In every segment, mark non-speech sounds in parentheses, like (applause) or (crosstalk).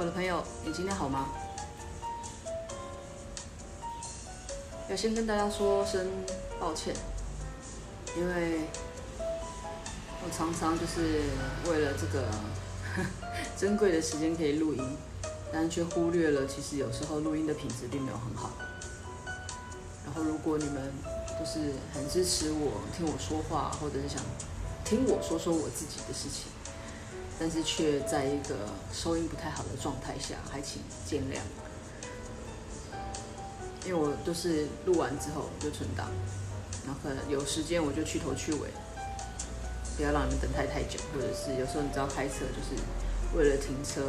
我的朋友，你今天好嗎？要先跟大家說聲抱歉，因為我常常就是為了這個，呵呵，珍貴的時間可以錄音，但卻忽略了其實有時候錄音的品質並沒有很好。然後如果你們都是很支持我聽我說話，或者是想聽我說說我自己的事情。但是卻在一個收音不太好的狀態下，還請見諒。因為我都是錄完之後就存檔，然後可能有時間我就去頭去尾，不要讓你們等太太久。或者是有時候你知道開車就是為了停車，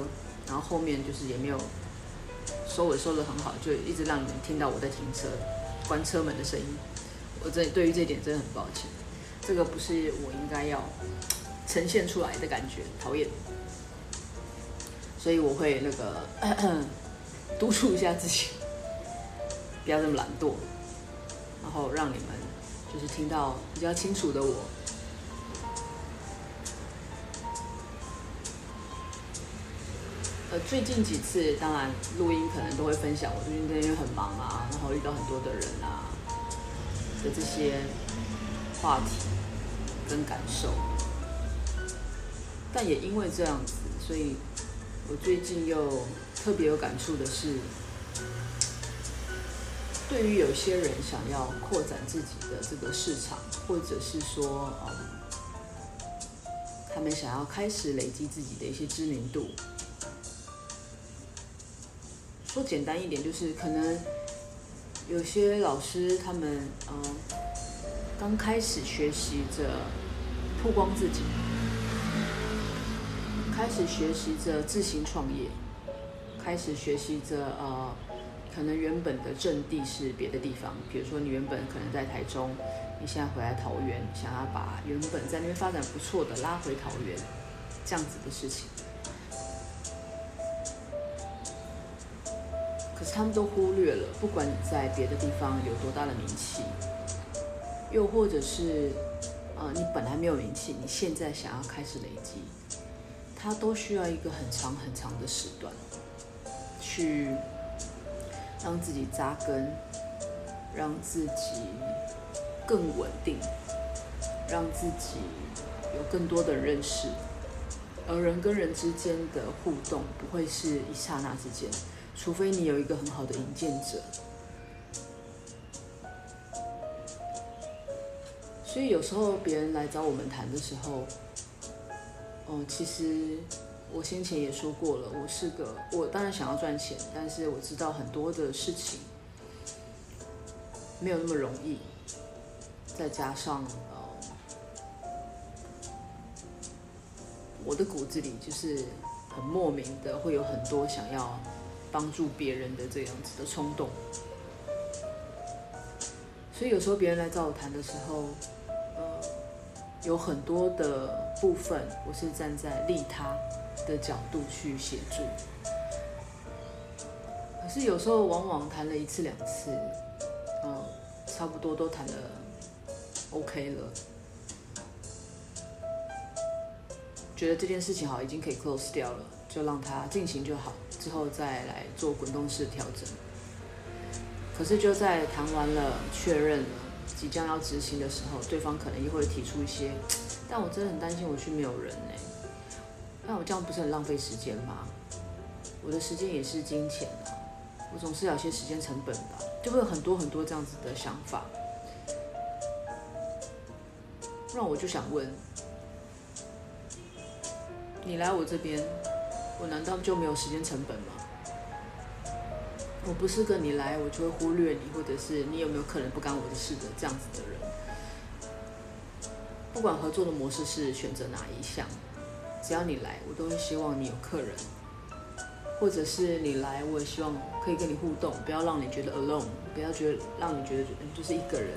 然後後面就是也沒有收尾收得很好，就一直讓你們聽到我在停車、關車門的聲音。我這對於這點真的很抱歉，這個不是我應該要。呈現出來的感覺，討厭，所以我會那個呵呵督促一下自己呵呵，不要這麼懶惰，然後讓你們就是聽到比較清楚的我。呃，最近幾次當然錄音可能都會分享我，我最近這些很忙啊，然後遇到很多的人啊的這些話題跟感受。但也因為這樣子，所以我最近又特別有感觸的是，對於有些人想要擴展自己的這個市場，或者是說，嗯，他們想要開始累積自己的一些知名度。說簡單一點，就是可能有些老師他們，嗯，剛開始學習着曝光自己。開始學習着自行創業，開始學習着呃，可能原本的陣地是別的地方，比如說你原本可能在台中，你現在回來桃園，想要把原本在那邊發展不錯的拉回桃園，這樣子的事情。可是他們都忽略了，不管你在別的地方有多大的名氣，又或者是呃你本來沒有名氣，你現在想要開始累積。他都需要一個很長很長的時段，去讓自己扎根，讓自己更穩定，讓自己有更多的認識。而人跟人之間的互動不會是一剎那之間，除非你有一個很好的引薦者。所以有時候別人來找我們談的時候。哦、嗯，其實我先前也說過了，我是個我當然想要賺錢，但是我知道很多的事情沒有那麼容易。再加上，呃、嗯，我的骨子裡就是很莫名的會有很多想要幫助別人的這樣子的衝動，所以有時候別人來找我談的時候。有很多的部分，我是站在利他的角度去協助。可是有時候往往談了一次兩次，嗯，差不多都談了 OK 了，覺得這件事情好已經可以 close 掉了，就讓它進行就好，之後再來做滾動式調整。可是就在談完了確認了。即將要執行的時候，對方可能又會提出一些，但我真的很擔心我去沒有人呢，那我這樣不是很浪費時間嗎？我的時間也是金錢啊，我總是有一些時間成本吧、啊，就會有很多很多這樣子的想法。那我就想問，你來我這邊，我難道就沒有時間成本嗎？我不是跟你來，我就會忽略你，或者是你有沒有客人不干我的事的這樣子的人。不管合作的模式是選擇哪一項，只要你來，我都會希望你有客人，或者是你來，我也希望可以跟你互動，不要讓你覺得 alone，不要覺得讓你覺得、嗯、就是一個人。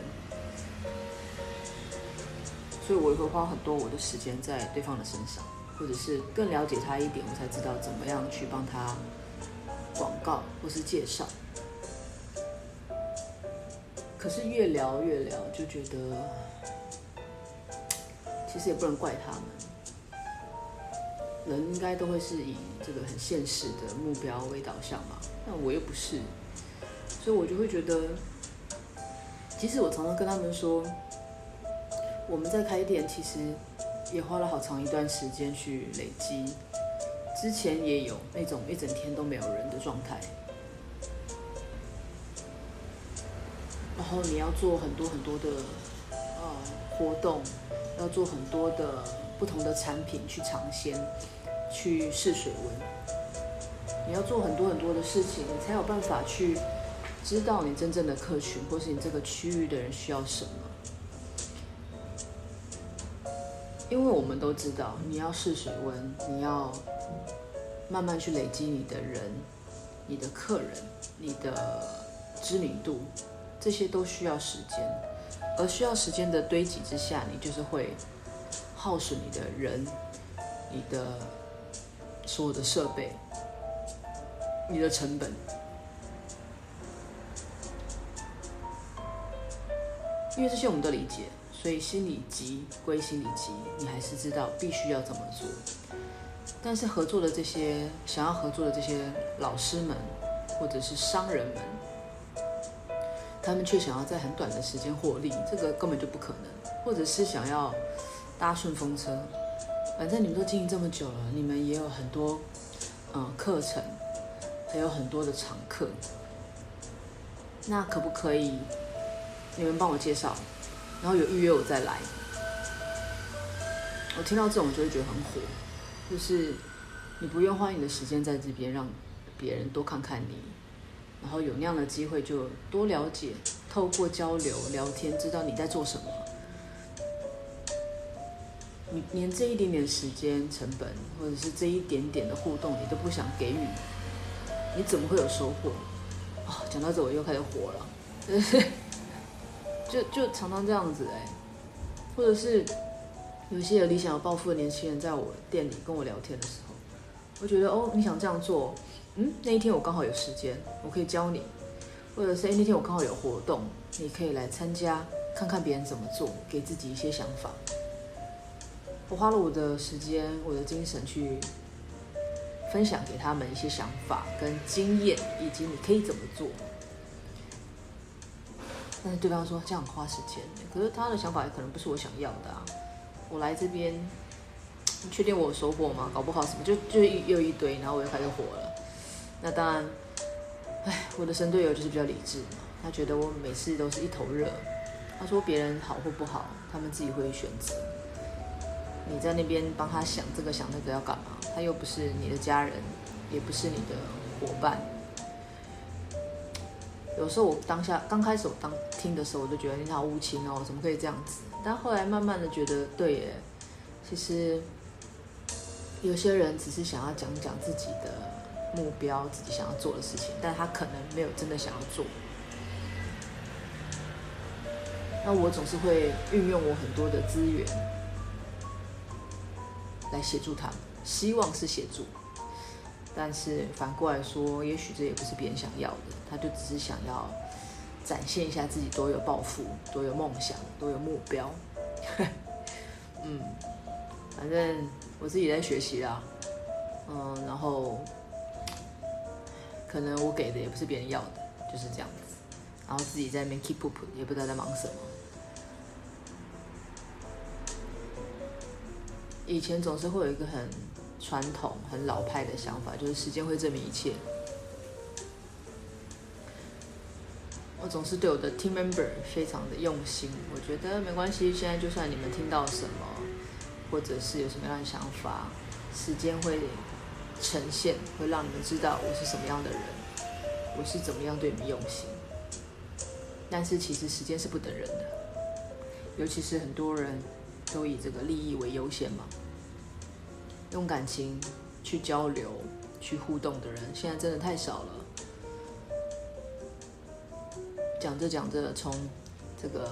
所以，我也會花很多我的時間在對方的身上，或者是更了解他一點，我才知道怎麼樣去幫他。告或是介紹，可是越聊越聊，就覺得其實也不能怪他們，人應該都會是以這個很現實的目標為導向嘛。那我又不是，所以我就會覺得，即使我常常跟他們說，我們在開店其實也花了好長一段時間去累積。之前也有那種一整天都沒有人的狀態，然後你要做很多很多的呃活動，要做很多的不同的產品去嘗鮮，去試水溫，你要做很多很多的事情，你才有辦法去知道你真正的客群，或是你這個區域的人需要什麼。因為我們都知道，你要試水溫，你要慢慢去累積你的人、你的客人、你的知名度，這些都需要時間。而需要時間的堆積之下，你就是會耗損你的人、你的所有的設備、你的成本。因為這些我們都理解。所以心裡急歸心裡急，你還是知道必須要怎麼做。但是合作的這些想要合作的這些老師們，或者是商人們，他們卻想要在很短的時間獲利，這個根本就不可能。或者是想要搭順風車，反正你們都經營這麼久了，你們也有很多嗯、呃、課程，還有很多的常客，那可不可以你們幫我介紹？然後有預約我再來。我聽到這種，我就會覺得很火。就是你不用花你的時間在這邊，讓別人多看看你，然後有那樣的機會就多了解，透過交流聊天，知道你在做什麼。你連這一點點時間成本，或者是這一點點的互動，你都不想給予，你怎麼會有收穫？啊，講到這我又開始火了，就是就就常常這樣子哎、欸，或者是有些有理想、有抱負的年輕人在我店裡跟我聊天的時候，我覺得哦，你想這樣做，嗯，那一天我剛好有時間，我可以教你，或者是哎，那天我剛好有活動，你可以來參加，看看別人怎麼做，給自己一些想法。我花了我的時間、我的精神去分享給他們一些想法、跟經驗，以及你可以怎麼做。但是對方說這樣花時間，可是他的想法也可能不是我想要的啊。我來這邊，你確定我有收穫嗎？搞不好什麼就就一又一堆，然後我又開始火了。那當然，唉，我的神隊友就是比較理智嘛。他覺得我每次都是一頭熱，他說別人好或不好，他們自己會選擇。你在那邊幫他想這個想那個要幹嘛？他又不是你的家人，也不是你的夥伴。有時候我當下剛開始我當聽的時候，我就覺得你好無情哦，怎麼可以這樣子？但後來慢慢的覺得，對耶，其實有些人只是想要講一講自己的目標，自己想要做的事情，但他可能沒有真的想要做。那我總是會運用我很多的資源來協助他們，希望是協助。但是反過來說，也許這也不是別人想要的，他就只是想要展現一下自己多有抱負、多有夢想、多有目標。 (laughs) 嗯，反正我自己在學習啦，嗯，然後可能我給的也不是別人要的，就是這樣子。然後自己在那邊 keep up，也不知道在忙什麼。以前總是會有一個很傳統、很老派的想法，就是時間會證明一切。我總是對我的 team member 非常的用心，我覺得沒關係。現在就算你們聽到什麼，或者是有什麼樣的想法，時間會呈現，會讓你們知道我是什麼樣的人，我是怎麼樣對你們用心。但是其實時間是不等人的，尤其是很多人。都以這個利益為優先嘛？用感情去交流、去互動的人，現在真的太少了。講着講着，從這個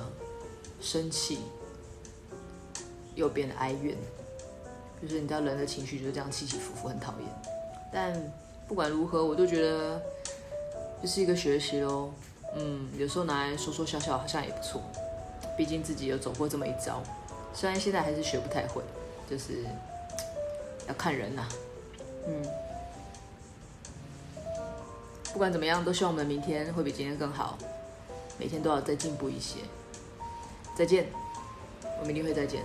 生氣又變得哀怨，就是你知道人的情緒就是這樣起起伏伏，很討厭。但不管如何，我都覺得這是一個學習哦。嗯，有時候拿來說說笑笑，好像也不錯。畢竟自己有走過這麼一遭。雖然現在還是學不太會，就是要看人吶、啊，嗯，不管怎麼樣，都希望我們明天會比今天更好，每天都要再進步一些。再見，我們明天會再見。